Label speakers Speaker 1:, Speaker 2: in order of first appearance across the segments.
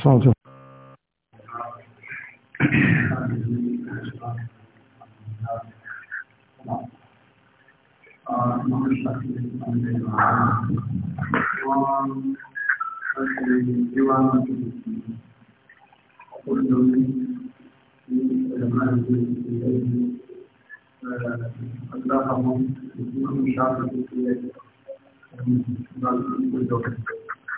Speaker 1: Sọ́ọ̀tọ̀. Allah'a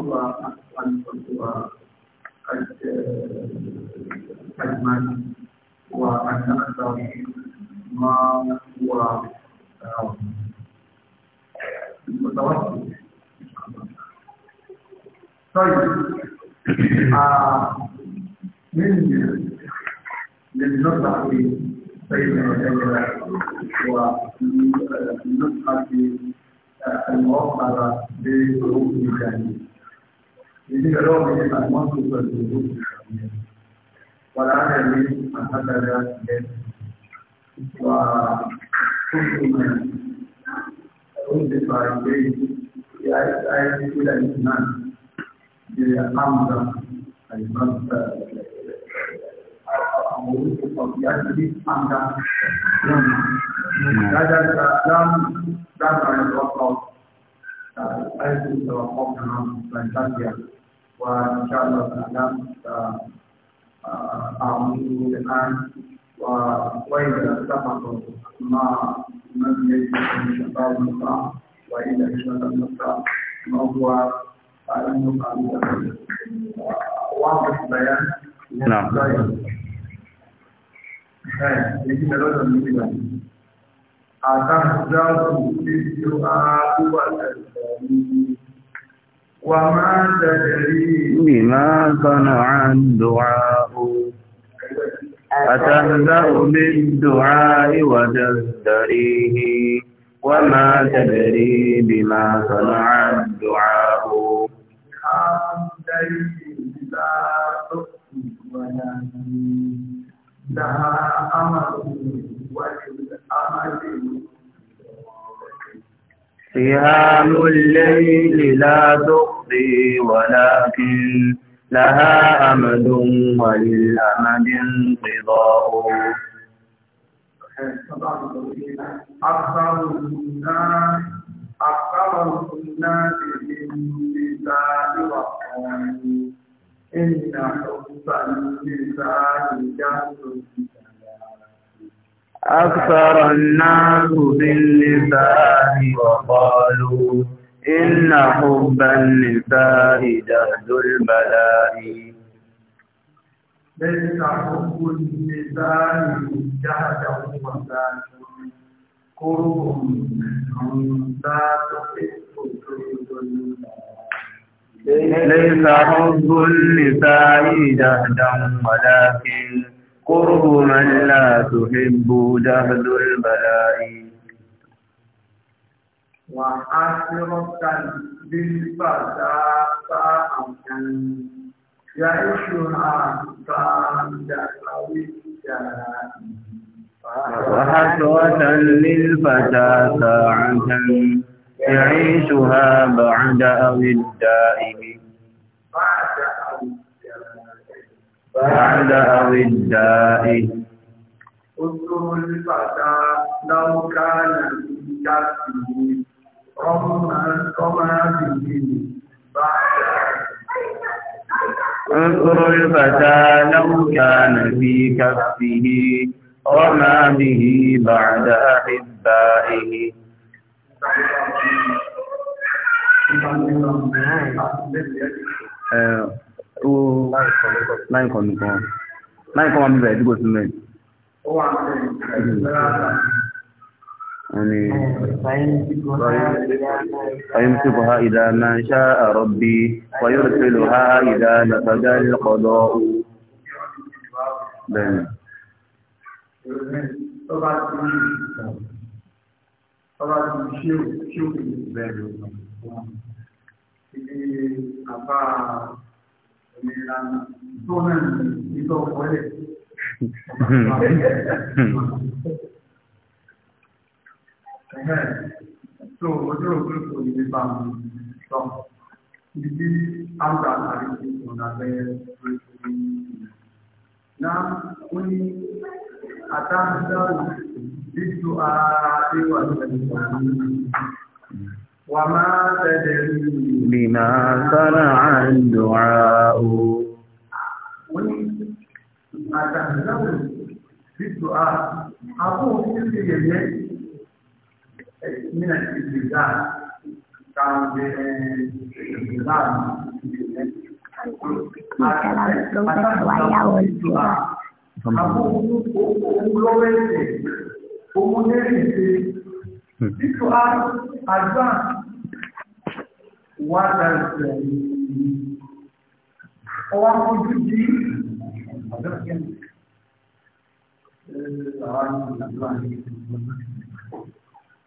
Speaker 1: الله حقا أجمل وأن أكثر ما هو متوسط طيب آه، من من نطلع بين والنسخة آه، الموصلة بالظروف الإمكانية Jadi kalau kita tak mampu berguru Walau ada ini antara dan wa kumpulan untuk baik ya saya tidak senang dia amra al-mabda Amun kemudian di anda yang ada dalam dalam waktu aiki da wakwakwunan lantarkiya wa inshallah ta'ala a wani an wa wai da sabon ma من يجب شباب النقاء وإلى شباب النقاء ما هو ini adalah بيان نعم يجب لولا من أتحزب بالدعاء وتسلم وما تدري بما صنع الدعاء أتهزأ بالدعاء وتزدريه وما تدري بما صنع الدعاء لها أمر وجود سهام الليل لا تخفي ولكن لها أمد وللأمد انقضاء أكثر الناس أكثر الناس من النساء وقوم إن حب النساء جهل أكثر الناس باللسان وقالوا إن حب النساء جهد البلاء ليس حب النساء جهده وذاته قرب منهم لا تحب جهد ليس حب النساء جهدا ولكن قرب من لا تحب جهل البلاء وآخرة بالفتاة أمكن يعيشها بعد وحسرة للفتى ساعة يعيشها بعد أو الدائم بعد أو بعد أودائه اذكر الفتى لو كان في كفه رمى كما به اذكر الفتى لو كان في كفه رمى به بعد أحبائه أه ó nine kan nìkan nine kan wà níbẹ̀ ẹ̀dúgbò sí mẹ́rin. ó wà níbẹ̀ يعني فيمسكها إذا ما شاء ربي ويرسلها إذا نفذ القضاء بل Thank you so ojú òkú kò ní bá mi sọ ibi áńdà àrí ti ọ̀nà bẹ́ẹ̀ náà ó ní àtàkùn dáhùn nítorí ara ẹwà ìgbàlódé وما تدري بما صنع الدعاء أتهزون في الدعاء أقول في من الاستبدال كان بالاستبدال Ọmọdé ṣe, títù àrùn àdúrà wà láìpẹ́ ọwọ́ fojú sí ọ̀dọ́kẹ́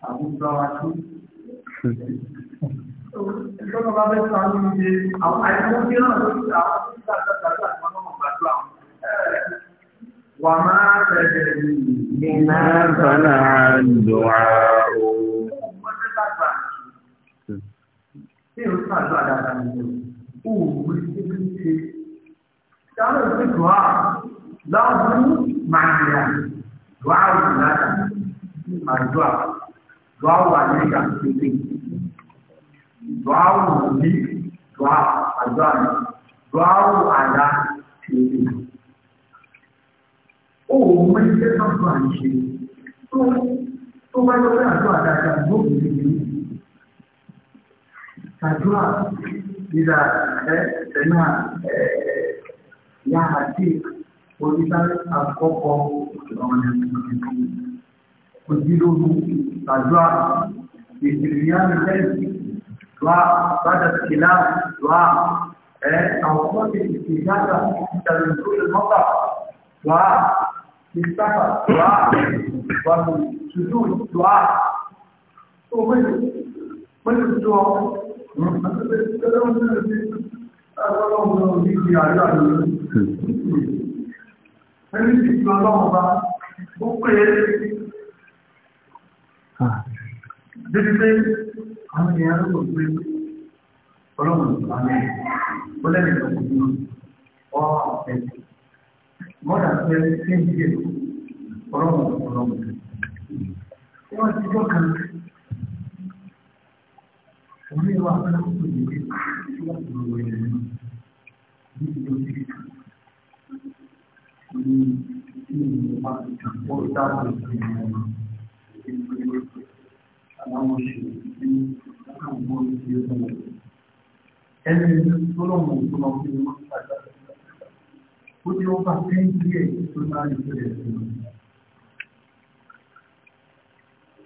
Speaker 1: àwùjọ wa tó ìjọba bá bẹ sọ àwọn ìdíje àwọn àìsàn tí náà ló ti àwọn tó ń gbà gbàgbà àwọn ọmọ gbàdúrà wà máa bẹ̀rẹ̀ ní náà sọ́nà àdùn àrùn. bí o sọ àdúrà dáadáa ní o ò wù ú ṣe bí ṣe. Sáré òfin dùn á lọ́wọ́ máa ń yà dùn á wù láta máa dùn á dùn á wà ní ìgbà pépé dùn á wù ní dùn á àdúrà ní dùn á wù àdá pépé. O ò mọ iṣẹ́ tó à ń ṣe tó bá yọ pé àdúrà dáadáa ló ń ṣe àdúrà ìdá ẹ̀ẹ́dẹ̀nà yàrá tí oníṣẹ́ àkọ́kọ́ ọ̀nà ìdìbò ojúlówó àdúrà ìdìrìyàmì lẹ́yìn dùá bàdà kìlá dùá ẹ̀ àwọn ọ̀pọ̀ ìdìyàrá ìdàlùdó ìmọ́ta dùá ìsáfà dùá wàlú ṣùdú dùá. Ó wẹ́lú wẹ́lú tó ọkọ̀. Ẹni tí ìjọ ọlọ́run bá ó pé débi pé àwọn èèyàn ló pè pé ọlọ́run ìgbà náà ó lẹ́nu ìjọba ìjọba ọ ẹ̀sìn. Mọ́dà pé ṣé ń díẹ̀ ọlọ́run ọlọ́run. Wọ́n ti jọ́ kan sí òun yóò wá fún àwọn tó yẹ kí wọ́n ti lò wẹ̀ ní ìlú ti ní ìlú wa ó dáhùn sí ìlú àwọn oṣù tí wọ́n ń bọ́ sí ẹ̀sán rẹ̀. ẹni tó lọ́wọ́ tó lọ fún wọn ó ní wọ́n bá tẹ́yìn díẹ̀ tó máa ń bẹ̀rẹ̀ sí wọn.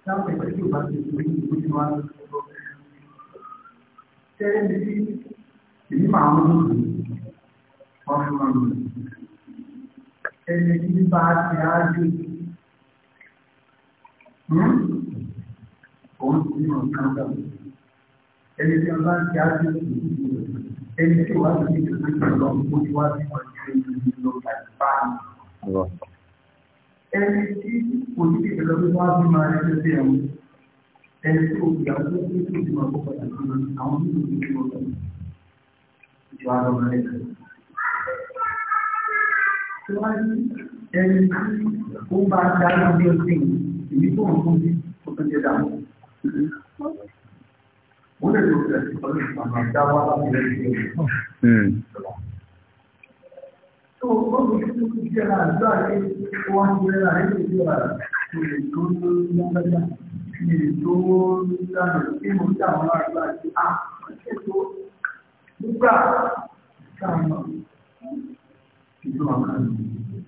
Speaker 1: láwọn ìgbà tí ò bá ti sọ ní ìlú tí wọ́n á lọ sí ọ̀rọ̀ kẹ́rin ní èyí máa ń mú ọdún ọdún ẹni tí bá ti ájú hmm? òun ti ní ọ̀kan bọ̀ ẹni tí bá ti ájú ẹni tí wàá ti ní ìpínlẹ̀ lọ ó ti wá sí ọjọ́ ìlú lọ láti ẹni tí kò ní ìpínlẹ̀ lọ wá bí máa ń ṣe bí ẹ̀wọ̀n ẹni tó ìyàwó tó tó tó ti máa kó padà sí àwọn tó tó ti máa ìjọ ara wọn rẹ̀. Tí wọ́n ní ẹni tó bá dáná bí ó sì ìbí tó ń fún bí ó tó jẹ́ dáná. Wọ́n lè lo ìrẹsì pẹ̀lú ìpàdé àdáwà láti rẹ̀ sí ẹ̀rọ. Tó o gbọ́dọ̀ tó tó ti jẹ́ àdúrà rẹ̀ wọ́n ti rẹ̀ rẹ̀ lè jẹ́ àdúrà rẹ̀ tó lè tó ń lọ́gbẹ́dá fi ètò ìdáná tí mo dà wọn lára àti a ṣètò nígbà ìdáná ìlú àkàlù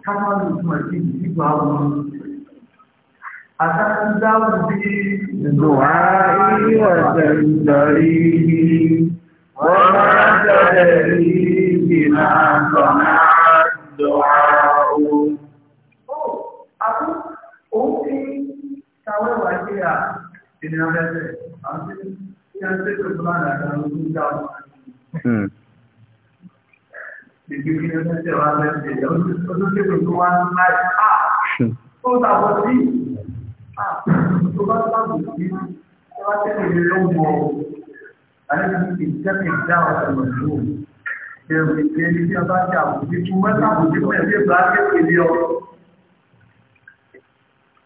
Speaker 1: kápálù fún ẹtí ìdígbà wọn. Àtàkùndáwò bí ìdùnwá ìwọ̀sẹ̀ ìdọ̀rí wọ́n máa ń tẹ̀lé ìgbìmọ̀ àtọ̀nà àdùnwá òun. ìní abẹ́sẹ̀ àti kí a ṣe tó fún àná àti àwọn ojú ìjà wọn. Ìgbé kí ni ẹgbẹ́ wa bẹ́ẹ̀ ṣe ọdún tí kò tó wá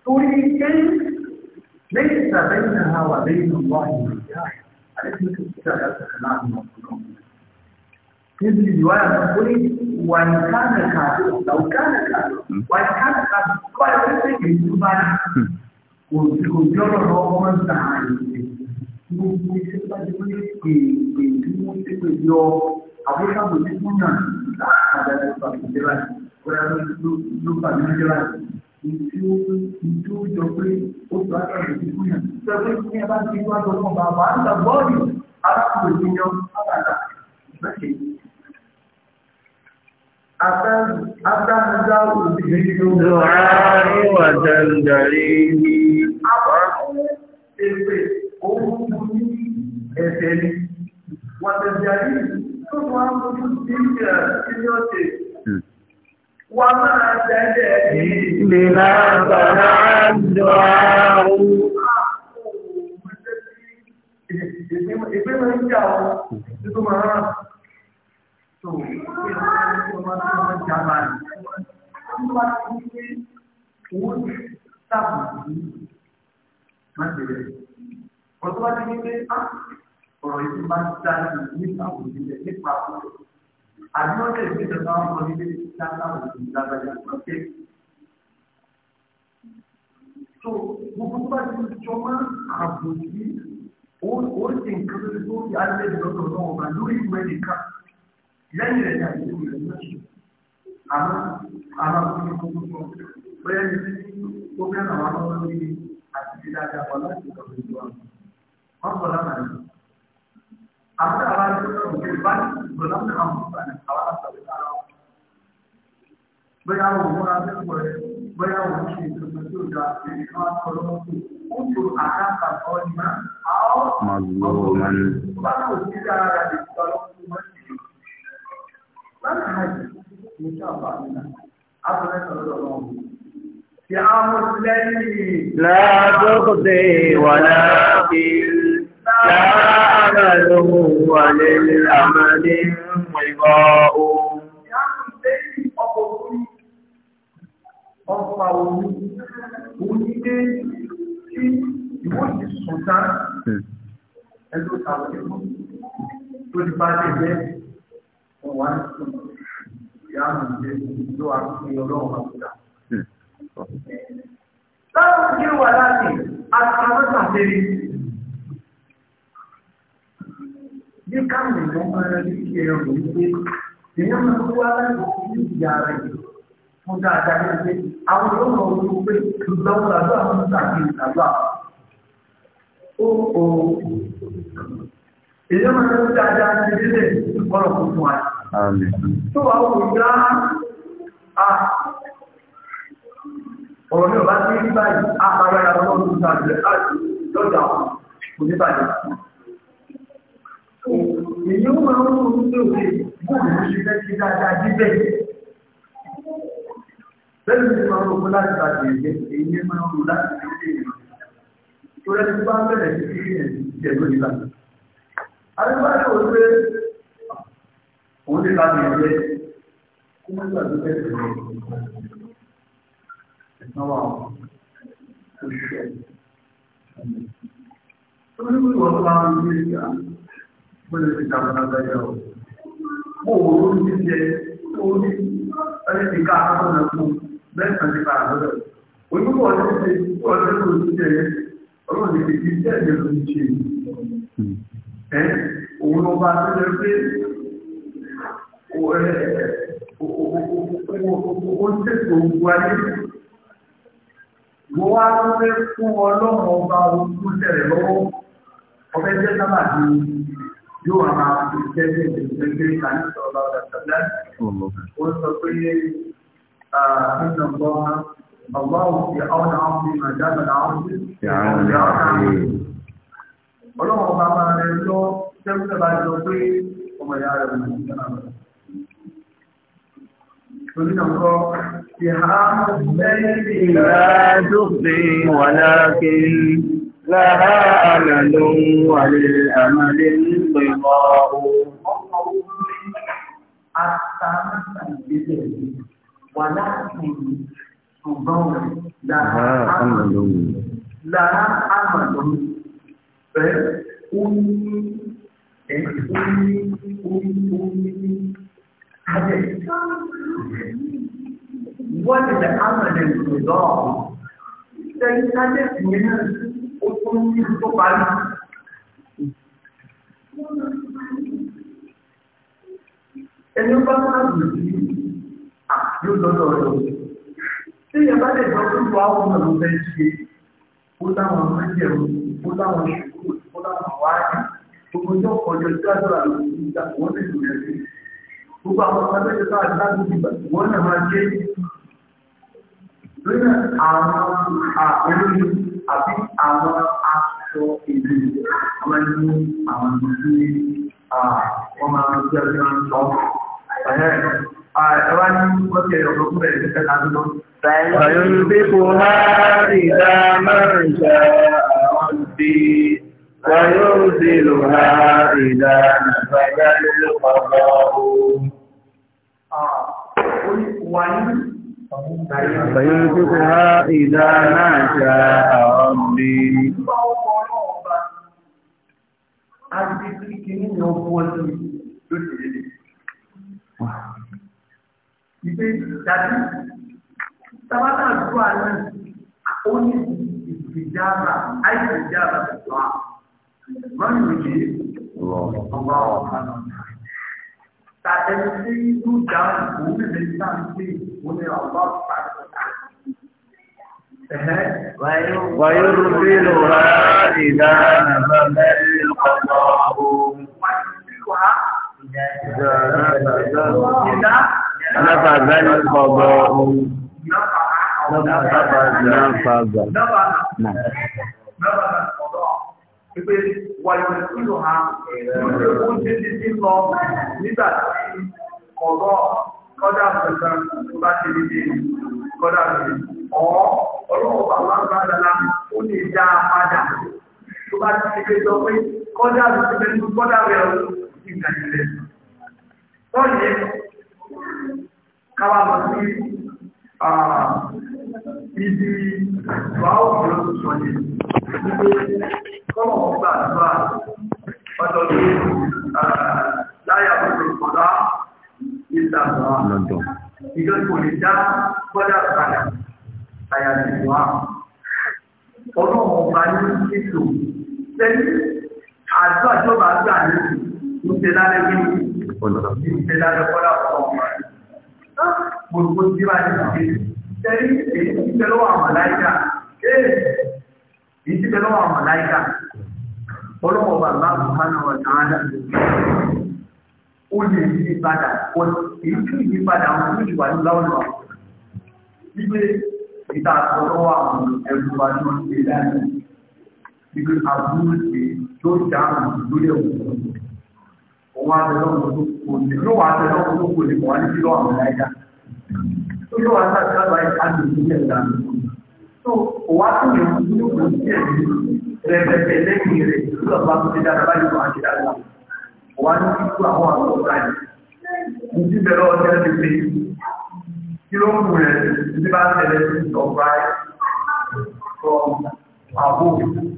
Speaker 1: Torí kéyìn ليس بينها وبين الله مرجاح عليك تتعلق كلام الله هذه رواية تقول وإن كان كافرا لو كان كافرا وإن كان كافرا فلا يمكن يتبع ويجر رغم التعالي gbogbo iṣẹ́ bá ti wọlé gbèngbè tí wọ́n ti pè yọ àbúrò àbòsí fún yàn láti àdáyé ìpàdé ìjẹba ìgbéra ló ìjẹba ìgbéra ìtú jọ pé ó tó àtàrí sí fún yàn. Sọ́dọ̀ ní ẹbá ti wá jọ fún bàbá ń tà bọ́ọ̀lù arákùnrin ní yan àbàdà lọ́kẹ̀. Adájọ́ òbí ló rà ní wàjàndàrí ní. Àwọn èpè òun mú ní ẹ̀fẹ̀ ni. Wàjàndàrí وما تدري لما صنع الدعاء Ọ̀tọ́ bá ti ní pé, ah, ọ̀rọ̀ ìsinmi bá ń dá ní ìpàwọ̀ ìbílẹ̀ nípa àwọn ọ̀rọ̀. Algunos que dicen que estaban con líderes que están utilizadas en el proceso. So, bu kutuba çoma kabuki o o sen kırıldı o yerde de doğru doğru ben Louis Medica yani de yani ama ama bu kutuba böyle bir problem var onun bir aktivitelerde falan bir problem var. Ama bana আমরা আবার মুসলমান গোলাম নাম মুসলমান খাওয়া আসা বেচারা bóyá òun ra sẹ́kọ̀ọ́ rẹ̀ bóyá òun ṣe ìtòkò tí ó ga lórí kan àtọ̀rọ̀ tó ó tó àdáǹkà kọ́ ni má a ó ọ̀gbọ̀n bá kò sí dára rà lè sọ lọ́kùn mọ́ sí i. lọ́nà àjò mo ṣe àǹfààní náà àbúrẹ́ sọ̀rọ̀ يا مسلمي لا تخزي ولا تكلني لعمله وللعمل انقضاء Ọ̀pàá omi, omi dé tí ìwọ́n ti sùn tán, ẹjọ́ tàbí ẹ̀kọ́ tó ti bá lè jẹ́ ọ̀wá ní sùn, ìyá àwọn ìjẹ́ ìjọ àti ọlọ́run àbúdá. Láwọn ìjẹ́ wà láti àtàwọn àtẹ́rí bí káàmì ló ń rẹ ní kí ẹ̀rọ kò ní pé èèyàn máa ń wá láti ní ìyá ara yìí fún dáadáa ní pé àwọn yóò lọ wọ pé ìgbà wo làdó àwọn ìgbà kí n kàdó à. ó o èèyàn máa ń dáadáa ní ilé ìkọlọ̀ kò fún wa. tó wàá wò yá a ọ̀rọ̀ mi ò bá sí báyìí a bá yára lọ́wọ́ lóṣù àti lọ́jà kò ní bàjẹ́ èyí ó máa ń mú ní òkè bóòlù ní ṣe fẹ́ kí dáadáa díbẹ̀. bẹ́ẹ̀ ni máa ń rògbò láti bá tẹ̀lé èyí máa ń rò láti fi ṣe èèyàn. tó rẹ́ tó bá bẹ̀rẹ̀ sí kí èèyàn jẹ̀ lórí bàtà. adébáyé wò pé òun lè bá mi jẹ́ kí wọ́n gbà tó bẹ̀rẹ̀ lọ. ẹ̀sán wà ó ṣe. tó ní wọ́n máa ń gbé ìgbà lè fi dàgbà lágbàáyà o mo wò ó ní jẹ ó ní ẹni ti ká àkọ́kọ́ fún mẹ́sàn-án ti padà lọ́dọ̀ onígbò ọdún ti tó ọdún tó ti jẹ ọlọ́run ti fi jẹ́ ẹ̀jẹ̀ ló ti ṣe ẹ òun ló bá tó jẹ pé ó ń tètè ogun ayé mo wá ló fẹ́ fún ọlọ́run ọba ogun tẹ̀lé lọ́wọ́ ọbẹ̀ jẹ́ sábà di yóò wà máa fi tẹ́lẹ̀ ìgbésẹ̀ ìkànnì sọ̀rọ̀ ọ̀dọ̀tẹ̀lẹ̀. Wọ́n sọ pé nínú ọgbọ́n ọgbọ́n òfin àwọn àwọn fi máa jáde láwọn sí. Ọlọ́run ọba máa rẹ lọ tẹ́lẹ̀ bá jọ pé ọmọ ìyá rẹ̀ wò ní ìjọba rẹ̀. Torí náà kọ́ ìhà mẹ́rin ìlà tó fi wà lákè. لها أمل وللأمل انقضاء ولكن تضر لها أمل لها أمل فأمي أمي أمي وللأمل انقضاء فإن هذا ó tún ní tó parí. ẹni bá máa ń lò sí àyò lọ́dọ̀ rẹ̀ tí ìyẹn bá lè lọ sí ìwà ọmọ ló fẹ́ ṣe ó láwọn májẹ̀mú ó láwọn ṣòro ó láwọn wáyé gbogbo tó kọjọ tí àdúrà ló ti ń gbà wọ́n lè lò rẹ̀ sí gbogbo àwọn ọmọ tó ti bá àdúrà ti gbà wọ́n náà máa jẹ́ lórí àwọn olóyún àbí àwọn aṣọ èdè máa ń ní àwọn ìlú wọn máa ń jẹ́ ọjọ́ sọ. Ẹ wá ní ọtí ẹ̀yọ̀ tó kúrẹ̀ ní ẹ̀ka tó lọ. Bàyọ̀lù bí kò má rí dá máa ń ṣe àwọn ìdí. ويرسلها إلى نفذ القضاء. فيمسكها إذا ما شاء ربي Ibi ìdájú, tàbátà àdúrà náà, ó ní ìjàmbá, àìsàn ìjàmbá tó wà. Mọ́nìyàn yìí, ọgbà ọ̀pá náà ta ẹni tí inú ìjà òun nílé náà ń pè ó ní ọ̀gá ọ̀pá
Speaker 2: ويرسل إذا نبذ
Speaker 1: القضاء نفذ القضاء نفذ نفذ نعم pípé wàyọ̀ ìlú ha lóde ó ń dídí sí lọ nígbà tí kọ̀ọ̀rọ̀ kọ́dà kankan tó bá ti dídí kọ́dà sí ọ̀ ọlọ́wọ́ bàbá gbàdàlà ó lè dá a padà tó bá ti ṣe sọ pé kọ́dà sí pẹ̀lú kọ́dà rẹ̀ ó ti gbà sílẹ̀. Tọ́yìn káwá lọ sí ibi báwọ̀ ló ti sọ ní wípé kọ́mọ̀ ọgbà àdúrà ọjọ́ tó láyà gbogbo kọ̀dá ìdàgbà ìjọ kò lè dá gbọ́dá padà àyàtì wá ọlọ́run ọba ní ètò lẹ́yìn àdúrà tó bá gbà ní ìṣẹ̀lẹ̀ gbé ìṣẹ̀lẹ̀ kọ́dá ọ̀pọ̀ gbogbo tí wàá ní ìṣẹ̀lẹ̀. Tẹ́lí èyí ti bẹ lọ́wọ́ àwọn màláìkà. Ee èyí ti bẹ lọ́wọ́ àwọn màláìkà. Ọlọ́wọ́ bàbá Bùhánà wà sáádà. Ó lè yí padà. Èyí tí yí padà wọn ló ti wà ní láwọn lọ. Wípé ìta àtọ̀lọ́wọ́ yóò wá sáà sábà yìí ká lè fi ẹ̀ dànù. tó o wá tó yẹ kó yóò kó sí ẹ̀ ní rẹpẹtẹ lẹ́yìn rẹ̀ lọ́ọ̀ bá tó ti dára báyìí wọ́n á ti dára. o wá ní kíkú àwọn àwọn ọ̀gá yìí. mo ti bẹ̀rẹ̀ ọjọ́ ti pé kí ló ń mú rẹ̀ ní bá tẹ̀lé ọ̀gá yìí. àbò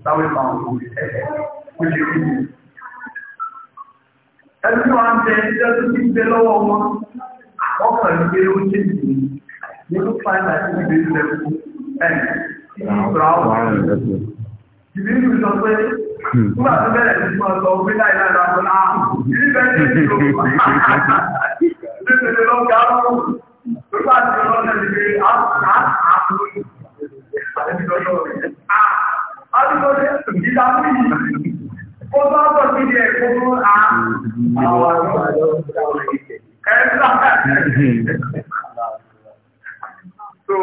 Speaker 1: táwọn ìmọ̀ àwọn òṣìṣẹ́ kó lè rí mi. ẹni tí wọ́n á tẹ ẹjọ́ tó ti bẹ lọ́wọ́ wọn ọkàn ìgbéró ṣèjì You will find that in this level and in So,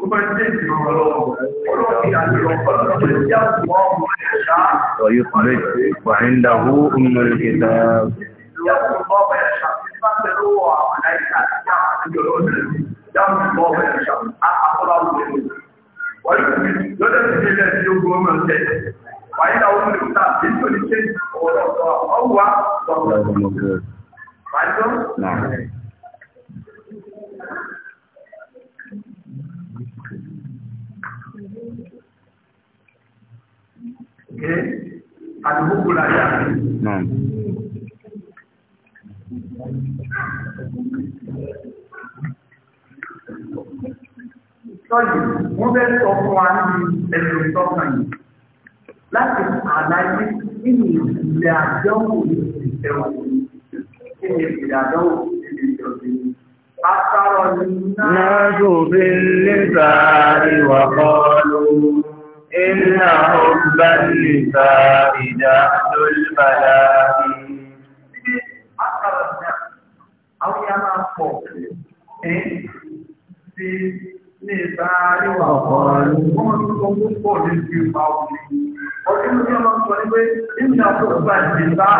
Speaker 1: tó bá jẹ́ ìgbìmọ̀ ọlọ́wọ́, ọlọ́wọ́ ìyàwó ọ̀pọ̀ ọ̀pọ̀ ìyàwó ọ̀pọ̀ ẹ̀ṣá. Ọ̀yọ́ kọ̀rẹ́ ìgbà ń dáwó ń lọ ìgbà. Ìyàwó ọ̀pọ̀ ẹ̀ṣá, tí bá tẹ̀lé wọ̀ àwọn àìsàn àti àwọn àjọ lọ́dẹ̀. Ìyàwó ọ̀pọ̀ ẹ̀ṣá, eh alihuku la ya naam sọyìn wọn bẹ sọ fún wa ní ẹsùn sọkàn yìí láti àlàyé nínú ìpìlẹ̀ àdánwò ìṣẹ̀wọ̀n nínú ìpìlẹ̀ àdánwò ìṣẹ̀wọ̀n. أثر الناس باللسان وقالوا إن حبا لفائدة البلاء أو يما فوق ti ní ìta àríwá ọ̀rọ̀ wọn tó kọ púpọ̀ ní ti ìpa òní. Ọdún tí wọ́n sọ ní pé nígbà tó gbà ti bá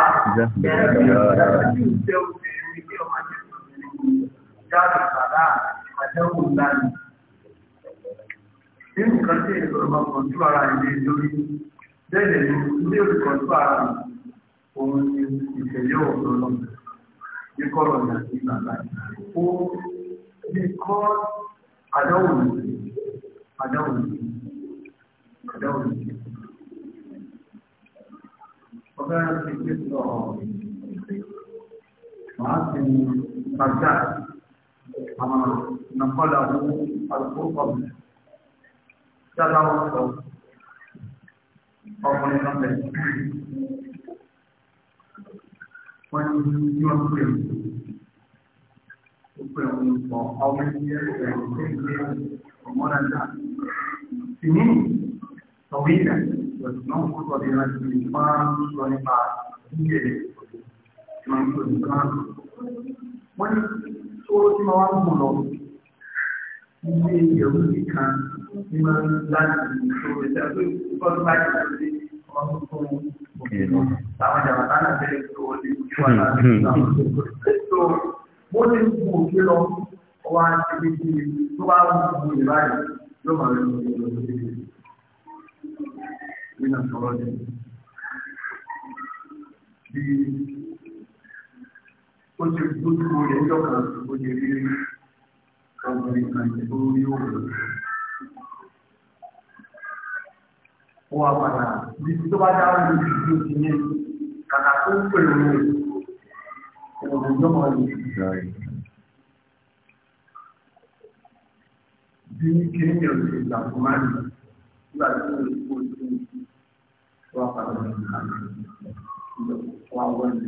Speaker 1: nínú nǹkan tí èèyàn lọ́rọ̀ máa kọ̀ọ̀tù ara ilé lórí bẹ́ẹ̀ ni ilé olùkọ̀ọ̀tù ara òun ni ìṣẹ̀lẹ̀ ọ̀rọ̀ lọ ní kọ́rọ̀ ní àti ìlànà ó bí kọ́ àdáwò ní àdáwò ní àdáwò ní. ọ̀gá ti gbé sọ màá ti bàjá àwọn nàkọ́là owó àlùkò ọ̀gbìn sábà wọn sọ ọkùnrin kan bẹ wọn ní tí wọn pè mí ó pè mí pọ ọmọ ẹgbẹ ẹgbẹ ẹgbẹ ọmọ náà sì ní sọwọ ilẹ ìwọsùn náà kó sọ ní láti fi máa ń sọ nípa díẹ̀ tí wọn pè mí wọn ní tó tí wọn wá ń mú lọ ilé ìyẹ̀wò nìkan mímọ láti ìṣòro ìṣàkóso ìkọ́jú ń kú òkè lọ bí ó ti gbójú ẹjọ́ kan ó ti rí ọmọ ìkànnì tó yóò rẹ̀. ó wà padà ibi tó bá dáhùn ní ìdílé ti ní kàkà tó ń pè wọ́n ìwọ̀n ìjọba rẹ̀. bí kéèyàn ti gbà fún máa nì nígbà tí ó kó sí ó wà padà ní ìlànà wà wọ́n ní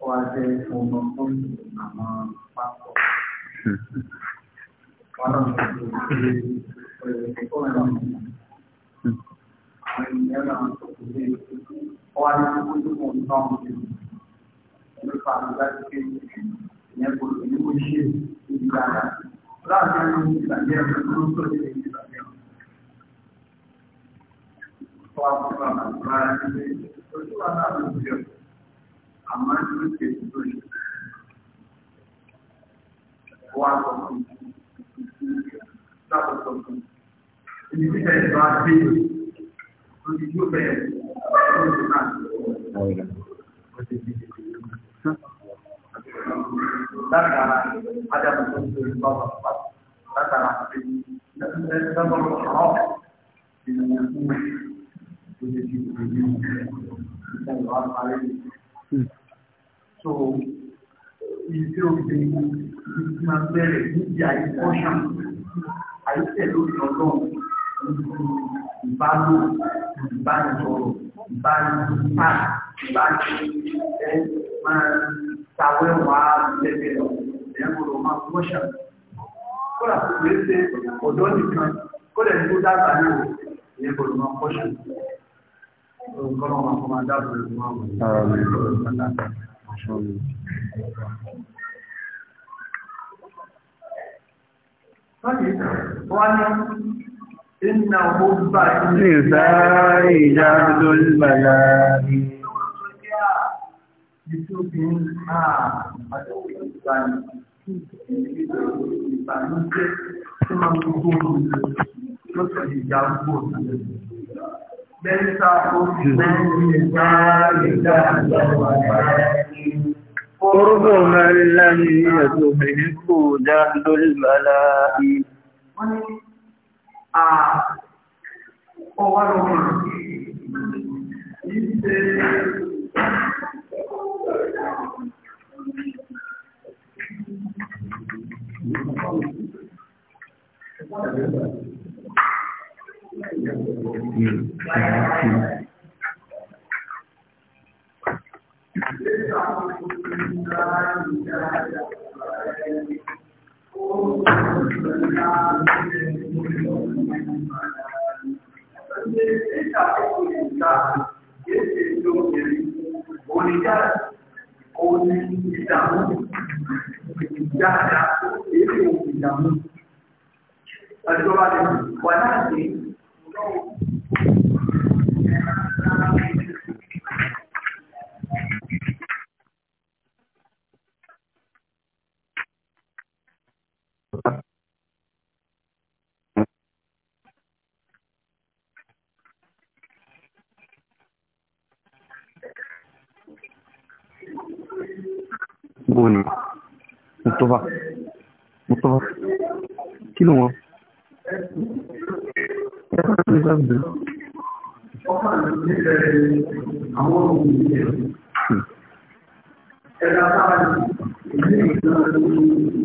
Speaker 1: ó wà jẹ́ ọmọ fún àwọn pápọ̀. Wọ́n náà ń sọ pé olha muito bom nome no fato da que né por ele hoje de cara trazer um trazer um grupo de trazer claro para para que eu lá na Bíblia a mais do que hoje o algo da pessoa ibi tí bẹ́ẹ̀ bá dé lórí yóò bẹ́ẹ̀ lórí ìlú náà. Látara Ádámù tó ń tó ìlú bá wà látara ẹgbẹ̀rún ọ̀rọ̀ ìrìnà fún mi tó lè di ìrìnà ìgbà ìwà parí. So, ìdí òde máa bẹ̀rẹ̀ níbi àìkọ́ṣà àìsẹ̀ lórí ọlọ́run ìbálò ìbánisọ̀rọ̀ ìbánisọ̀pá ìbánisọ̀ ẹ máa tàwẹ́wà lẹ́gbẹ̀ẹ́ lọ ẹ̀yẹ́kọ̀ọ́ máa wọ́ṣà kódà kò ṣe ọ̀dọ́ nìkan kódà ní kó dábàá ní o ẹ̀yẹ́kọ̀ọ́ máa wọ́ṣà kọ́nà máa fọ́ máa dábàá ní o máa
Speaker 2: wọ́ṣà.
Speaker 1: Wọ́n ní إن حب النساء جعل البلاء Lẹ́yìnká òṣìṣẹ́ ìgbà ìjà ìjọba Orúkọ mẹ́rin lẹ́yìn ẹ̀tọ́ ìrìnkú jáàdó Wọ́n ni a ọwọ́rọ̀ ọmọ ìṣe Thank you. Wàláàdé, ọlọ́run, ẹ̀rọ bóni mustapha mustapha kí ló wọn. Ẹ̀ka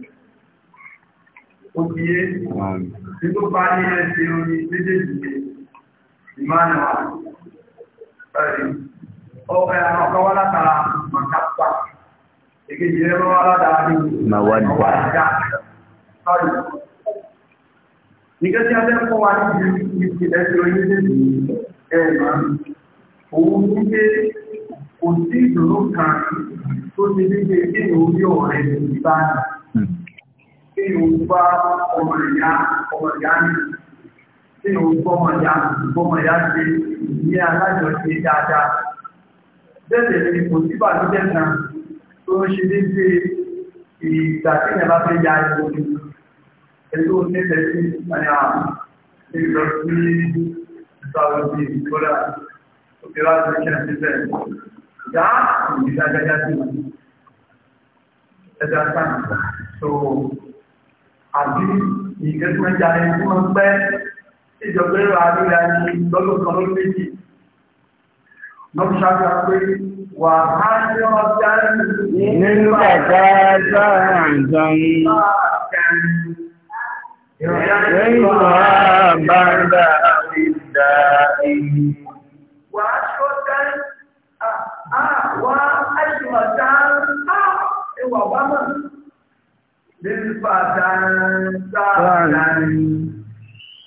Speaker 1: òbíyé tí tó bá ní ẹsẹ̀ orí méjèèjì ní emmanuel ọ̀pẹ́ àwọn ọkọ̀ wá látara màkàtà èkejì ẹ̀rọ wá látara ní màwàdà nígbẹ́ tí a fẹ́ fún wa ní ìdí ẹsẹ̀ orí méjèèjì ẹ̀mà òun ní pé kò sí ìdùnnú kan tó ti díje kí ni orí ọ̀rẹ́ ìbáyìí kí ni òun bá ọmọ ìyá ọmọ ìyá ní kí ni òun bọ́ ọmọ ìyá bọ́mọ ìyá ṣe ní alájọṣe dáadáa bẹ́ẹ̀ ni kò sí bàtújẹ́ kan tó ń ṣe déédé ìgbà tí ìyàbá fẹ́ ya ìwò ni ẹ̀tọ́ nílẹ̀ sí àyà ìlọ sí ìgbàlódé ìgbọ́dà òkè láti ṣe ṣẹlẹ̀ dá ìdájájá sí ẹ̀dá sáà àbí ìgbésùnmẹ́jà ni tí wọ́n pẹ́ ìjọba ẹ̀rọ àríra ní lọ́dún kan ló méjì lọ́pùsáàtà pé wà á ní ọjà nínú ẹ̀dá ẹ̀dá àjọyìn ìrìnàjò àbáńdà àrídà èyí wà á ṣọ́jà ah, ah, wà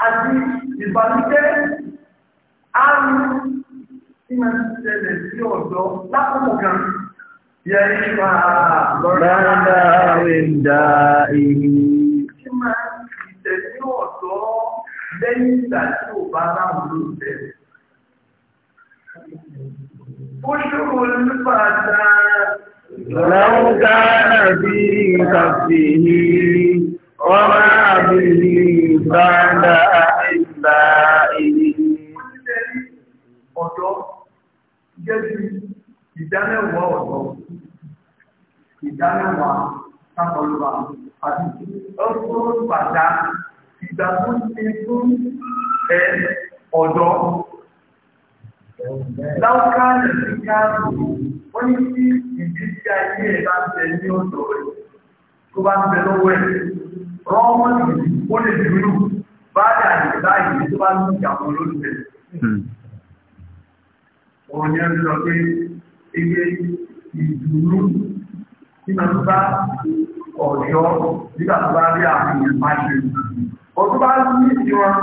Speaker 1: Àti ìbànújẹ́ àrùn tí máa ń ṣẹlẹ̀ sí ọ̀dọ́ lápòpò kan yẹ ìfà lọ́rọ̀dá àwẹ̀dá èyí. Tí máa لو كان في نفسه وما به بعد أحبائه ọ̀dọ́ jẹ́ bí ìdámẹ́wàá ọ̀dọ́ ìdámẹ́wàá sáfọlùwà àti ọgbọ́n pàdá ìgbà tó ṣe fún ẹ ọ̀dọ́ láwùká lè fi káàdù ó ní kí ìdí tí ayé ẹ̀ bá ń tẹ ní ọ̀dọ̀ rẹ̀ tó bá ń bẹ lọ́wọ́ ẹ̀ rọ́wọ́ nìyí ó lè dúró bá dà ní báyìí tó bá ń ní ìyàwó lóṣù òun ni ẹni sọ pé iye ìdùnnú tí máa ń bá ọ̀yọ́ nígbà tó bá rí àwọn èèyàn máa ṣe ọdún bá ní ìdíwọ̀n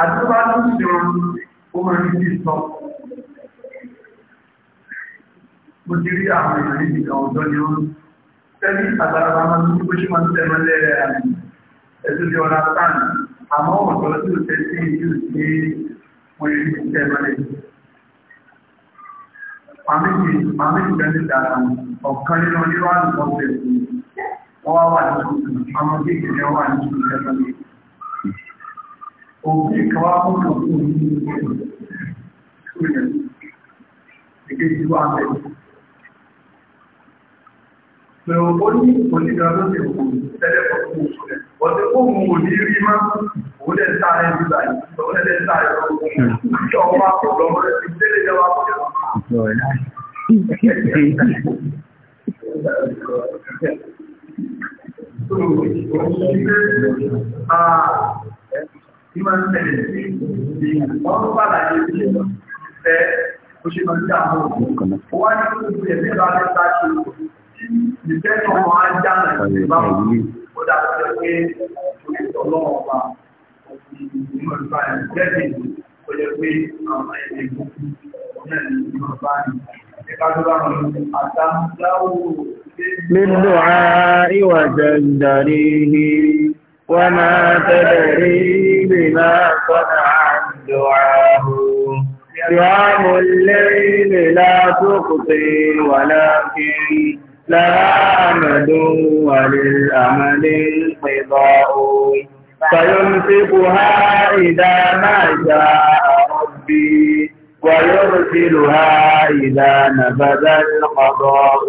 Speaker 1: àti tó bá ní ìdíwọ̀n ó máa ń ní ìsọ mo ti rí àwọn èèyàn ní ìgbà ọ̀dọ́ ni wọ́n tẹ́lí àgbàlagbà máa ń ní bó ṣe máa ń tẹ́mọ́ lẹ́rẹ̀ àmì ẹ̀sùn ní ọ̀rá sáà àmọ́ ọ̀dọ́ tí ó tẹ́ sí ìlú sí wọ́n yìí ní tẹ́mọ́ lẹ́rẹ̀. Pàmìtì pàmìtì ní dàrá ọ̀kan nínú oníwà ní wọ́n tẹ̀ wọ́n wà ní àwọn kéèké ní tuntun tẹ́mọ́ lẹ́rẹ̀. Òbí kan wá fún ọ̀pọ̀ òní ìgbésí wà bẹ̀rẹ̀. Pero hoy onígbàdó ti wù tẹ́lẹ̀ fọ́kún ìṣúlẹ̀. Ọdún kó mú ò ní rí máa òun lẹ́ sáré nígbà yìí, òun lẹ́ sáré lọ́wọ́. Ìjọ wa kò lọ́wọ́ rẹ̀ ti tẹ́lẹ̀ jẹ́ wa kò lọ́wọ́. Ìmọ̀ ń tẹ̀lé sí ọdún pàdánù ìṣẹ̀lẹ̀ fẹ́ bó ṣe máa ń dààmú òun. Wọ́n á ní kó o ti ẹ̀mí ìbára ń bá ṣe òun ìfẹ́sọ̀ wọn á já náà ìgbà wọn ó dájú pé oríṣiríṣi ọlọ́wọ́ ọba ìlú ìgbà ìgbẹ́sẹ̀ ó yẹ pé àwọn ẹ̀yẹ gbogbo ọ̀nà ìlú ọba ni ẹ̀ka tó bá wọn àtàkùnjáwò. للدعاء وجندريه وما تدري بما صنع دعاه قيام الليل لا تبطي ولكن لعامد وللأمل انقضاء فيمسكها إذا ما شاء ربي ويرسلها إذا نفذ القضاء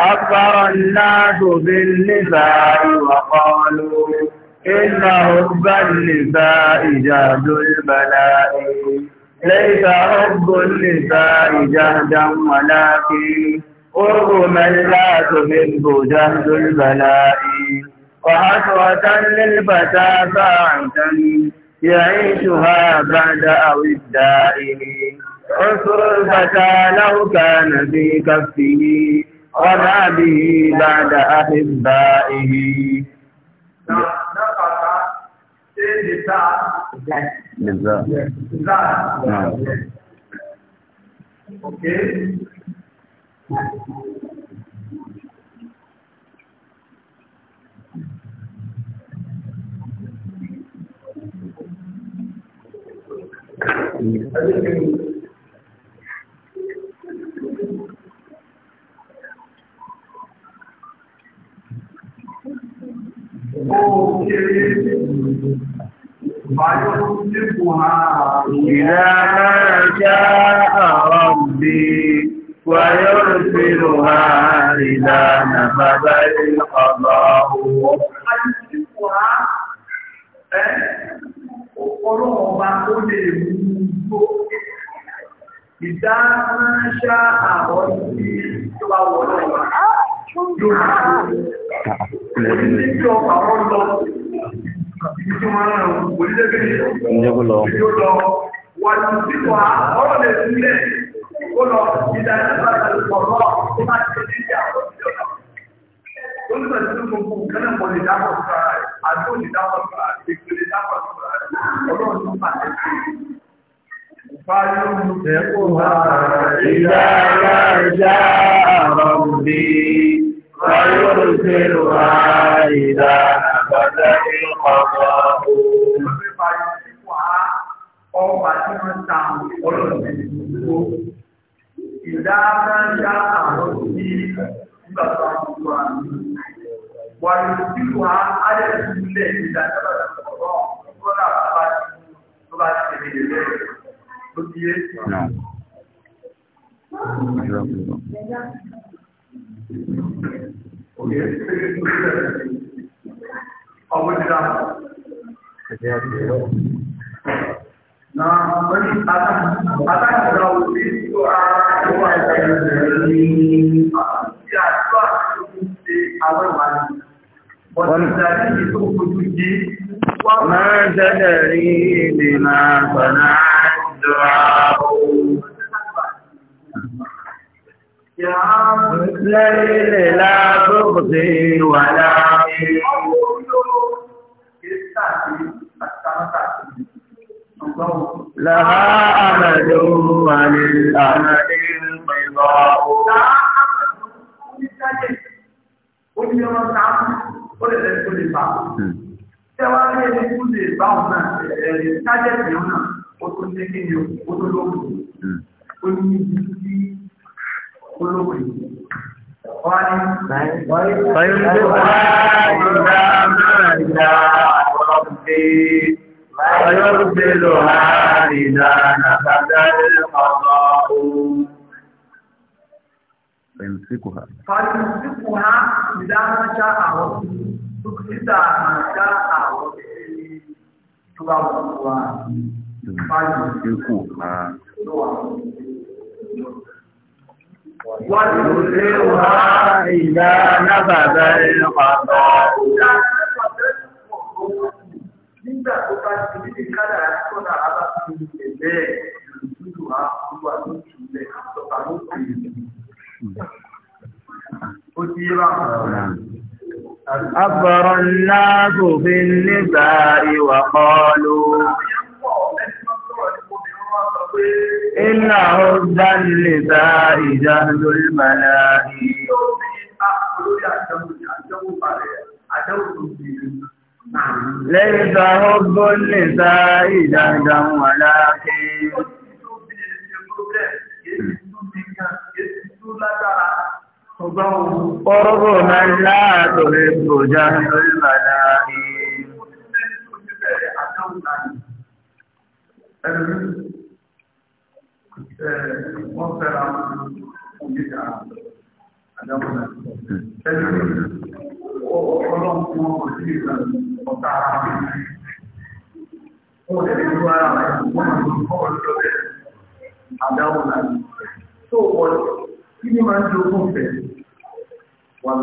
Speaker 1: أكبر الناس بالنساء وقالوا إن حب النساء جهد البلاء ليس حب النساء جهدا ولكن قرب من لا تحب جهد البلاء وحسرة للفتى فأنت يعيشها بعد أو الدائم عسر الفتى لو كان في كفه وما به بعد أحبائه Okay. نعم. نعم. إذا ما جاء ربي ويرسلها إلى نفذ القضاء Ọ̀pọ̀lọ́ ọba ó lè mú gbó ìdámáṣá àwọn tí ó wà wọ̀lọ́ ọba yóò máa ní ní ọba wọ́n lọ ìjú máa ń rẹ̀ òun kò ní lẹ́gbẹ̀ẹ́ ó ìdánilẹ́gbà pẹ̀lú tó bá ti ṣe ní àwọn ìjọba. ó ní bẹ̀rẹ̀ tó gbogbo nǹkan náà kò dábọ̀ sí rẹ̀ àti ó dábọ̀ sí rẹ̀ èkó lè dábọ̀ sí rẹ̀ ọlọ́run tó pàṣẹ sí i. Ìdára ìjà àrọ̀ mi, ayọ̀ ló ṣe wá ìdá àgbàdá ìlú ọ̀gá ọ̀hún. Ọba tí wọ́n ta ọlọ́run ti dúró ìdáadáa àwọn òbí nígbà tó Nah, beri kata kata kalau itu aku ah, ada dari ya tuh di awal wali. Bukan itu kunci. Ma jadari lima sanat doau. Ya, lail la tubzi wala. Kita di atas لها أمد وللأمد انقضاء Oní ọmọ sáà ó lè lè tó lè bá. Ṣé wá ní ẹni kú lè bá òun náà ẹ̀rẹ̀ tájẹ̀tì òun náà ó tó ní kí ni ó tó lókùn. Ó ní ibi tí ó lókùn. Wá ní. Báyọ̀ ń gbé wá ìdá máa ìdá ọ̀rọ̀ bẹ́ẹ̀. فيرسلها إذا نفذ القضاء فيمسكها فيمسكها إذا نشاء تكسدا ما شاء فيمسكها ويرسلها إذا نفذ القضاء nígbà tó bá ti ní ní kádà àtúnà aláàfin ilẹ̀ bẹ́ẹ̀ lòdùdù àkúwà ló túlẹ̀ àtọ́ka ló pèlè. ó ti yé báwọn. أكبر الناس في النساء وقالوا إن عرض النساء جهل الملائكة ليس حب النساء جهدا ولكن
Speaker 2: قرب من لا تحب جهد
Speaker 1: الملائكة wọ́n fẹ́ra wọn ní ìjà ọlọ́run tí wọ́n kò sí ìlànà ọ̀tá ara rẹ̀. Wọ́n lè lórí ara rẹ̀ wọ́n máa lọ kọ́ ọ̀dọ́ rẹ̀ àdáwọ̀ náà. Tó lẹ́yìn ìgbà jẹ́ ọ̀tá rẹ̀ wọ̀n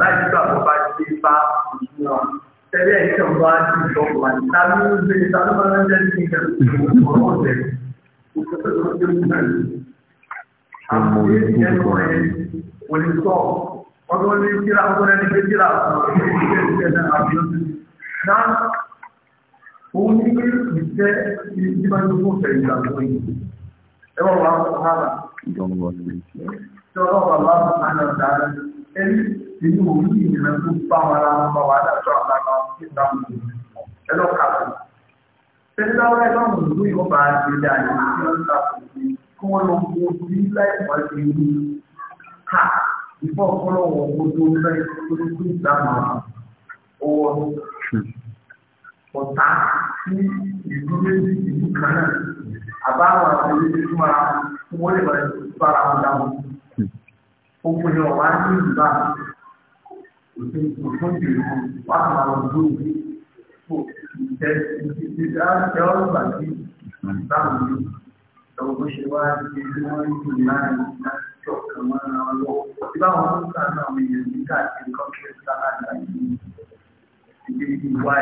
Speaker 1: láì gbà bá ṣe bá ìṣúná. Tẹ̀lé ẹ̀ kàn bá ti sọ wà ní ta ló ń gbé ta ló máa ń jẹ́ ní ìgbà ọ̀rọ̀ ọ̀sẹ̀. Àmọ́ èyí jẹ́ lọ ẹ̀ kò lè sọ. Wọ́n tó ní kíra ọgbọ́n ẹni pé kíra náà òun ní pé ìjẹ́ ìjìbá ní fún ìfẹ̀ ìgbà tó yìí. Ẹ wọ́n wá fún ọ̀hánà. Ṣé ọlọ́pàá bá fún àná dáadáa? Ẹni ìlú òun yìí nìyẹn tó bá wọn lára wọn bá wà á dàtọ́ àbá ẹlọ kàtó tẹsíláwọ ẹgbẹ́ àwọn òdòdó yìí wọ́n bá ṣe dá ní kí wọ́n ta kò sí kí wọ́n lọ kó sí láìpẹ́ ṣe ní ká ìfọ ọpọlọwọ gbogbo fẹ́ tó ní kí ìdáná owó ọ̀tá sí ìlú méjì ìlú kan náà àbáwọn àti ilé tó máa wọlé bàrẹ tó wọn dáhùn. Òkùnrin ọ̀wá ní ìlú báyìí. Ìwà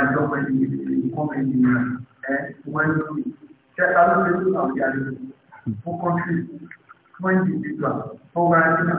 Speaker 1: ìjọba ìgbìmọ̀ ènìyàn ẹ̀ wọ́n ń lò. Kẹta ló lè lò àwọn ìyá rẹ̀ fún kọ́ńtì fún ìdìbò fún wáyé náà.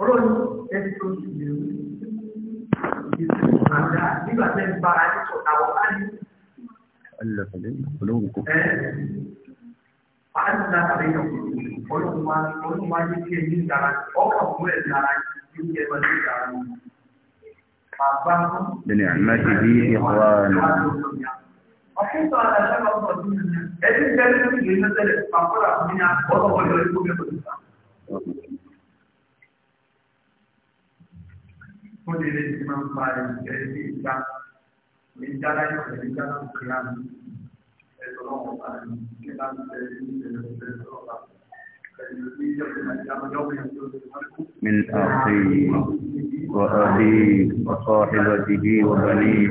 Speaker 1: ọlọ́run ẹni tó ti lè rí ìdíjú àgbà nígbà tẹ́ ń bára ní sọ̀tà wọ́n á ní. Àdúrà àbẹ̀yọ̀ ọlọ́run wá ní kí ẹni dára ọkọ̀ fún ẹ̀ dára ní kí ẹ bá ní dára ní. Bẹ́ẹ̀ni àmàtí bí ìwà nù. Ọkùnrin tó àdàlẹ́ ọ̀pọ̀ ọdún ẹni tẹ́lẹ̀ tó ìgbésẹ̀ tẹ́lẹ̀ pàpọ̀lá fún mi ní àkọ́kọ́ ọ̀yọ́ ikú mẹ́kọ̀ọ́ wọ́n lè lè ti máa ń pa ẹ̀jẹ̀ ní ìta ní dára ìpàdé ní dára òkèlà mi ẹ̀sọ́ náà wọ́n pa ẹ̀jẹ̀ ní ìta ní ìṣẹ̀lẹ̀ ní ìṣẹ̀lẹ̀ ọ̀sẹ̀ sọ̀rọ̀ pa من أخيه وأبيه وصاحبته وبنيه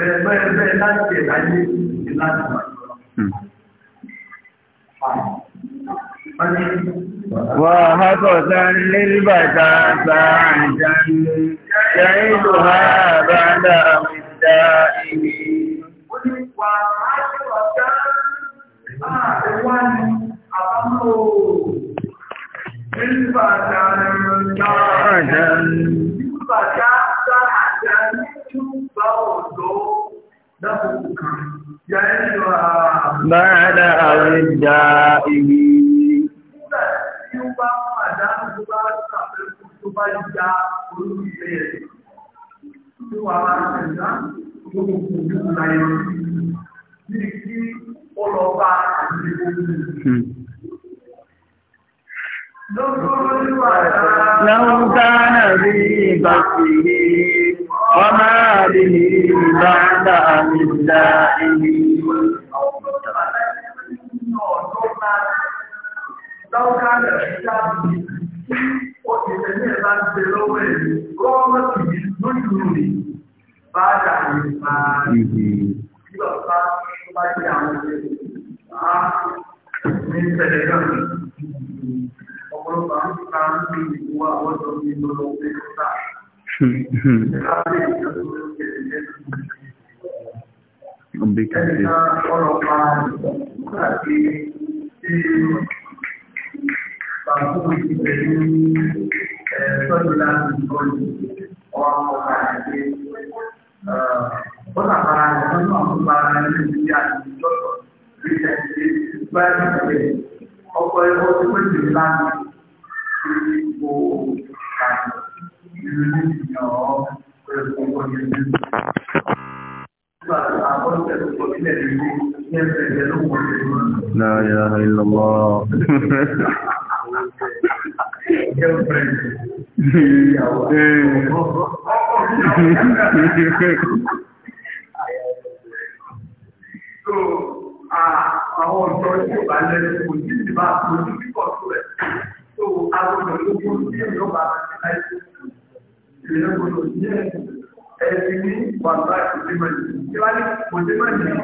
Speaker 1: bẹ́ẹ̀ bẹ́ẹ̀ bẹ́ẹ̀ láti ẹ̀dá yé ìdí láti wà. وهبط للبتاتا عجا شيدها بعد مدائه Ìgbàjá sáàjá ní túbọ̀ òjò lákòókò kan yà ẹ́ lọ ààrùn. Báyọ̀dá àwọn ìjà ìwé. Nígbà tí ó bá mú àdánù tó bá ṣàfẹ́kù tó bá ya olórí ilé rẹ̀. Ní wàhálà ìjà gbogbo kòkòrò láyé. Ní kí ó lọ bá àdúgbò. لو كان ذي بصره وما به بعد عن الدائم لو كان ذي Òṣèlú ẹ̀ bá ń ṣe lọ́wọ́ ẹ̀ gọ́ọ̀mọ̀tì lójú rẹ̀ bá dà ní máa rí ìgbà bá ṣe àwọn ẹ̀ṣẹ̀ ní ìṣẹ̀lẹ̀ náà ambi wa watu waliopenda Ombikasi. Ọ̀pọ̀ ẹ̀kọ́ لا إله إلا الله Àwọn ọ̀dọ́ yóò bá lẹ́nu kò ní ìdìbà àti ojú kíkọ̀ tó rẹ̀ tó agbọ̀dọ̀ tó kú ní ìlú bá ti láì ìlú gbọdọ̀ yẹ ẹ̀sìn ní wàhálà ìdímọ̀ ìwádìí kò dé mọ̀ ní kí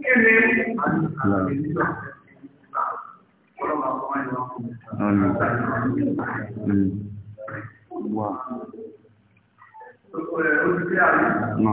Speaker 1: ni àlàyé nígbà ọlọ́mọ àwọn ẹ̀rọ ọkùnrin. Wow. No.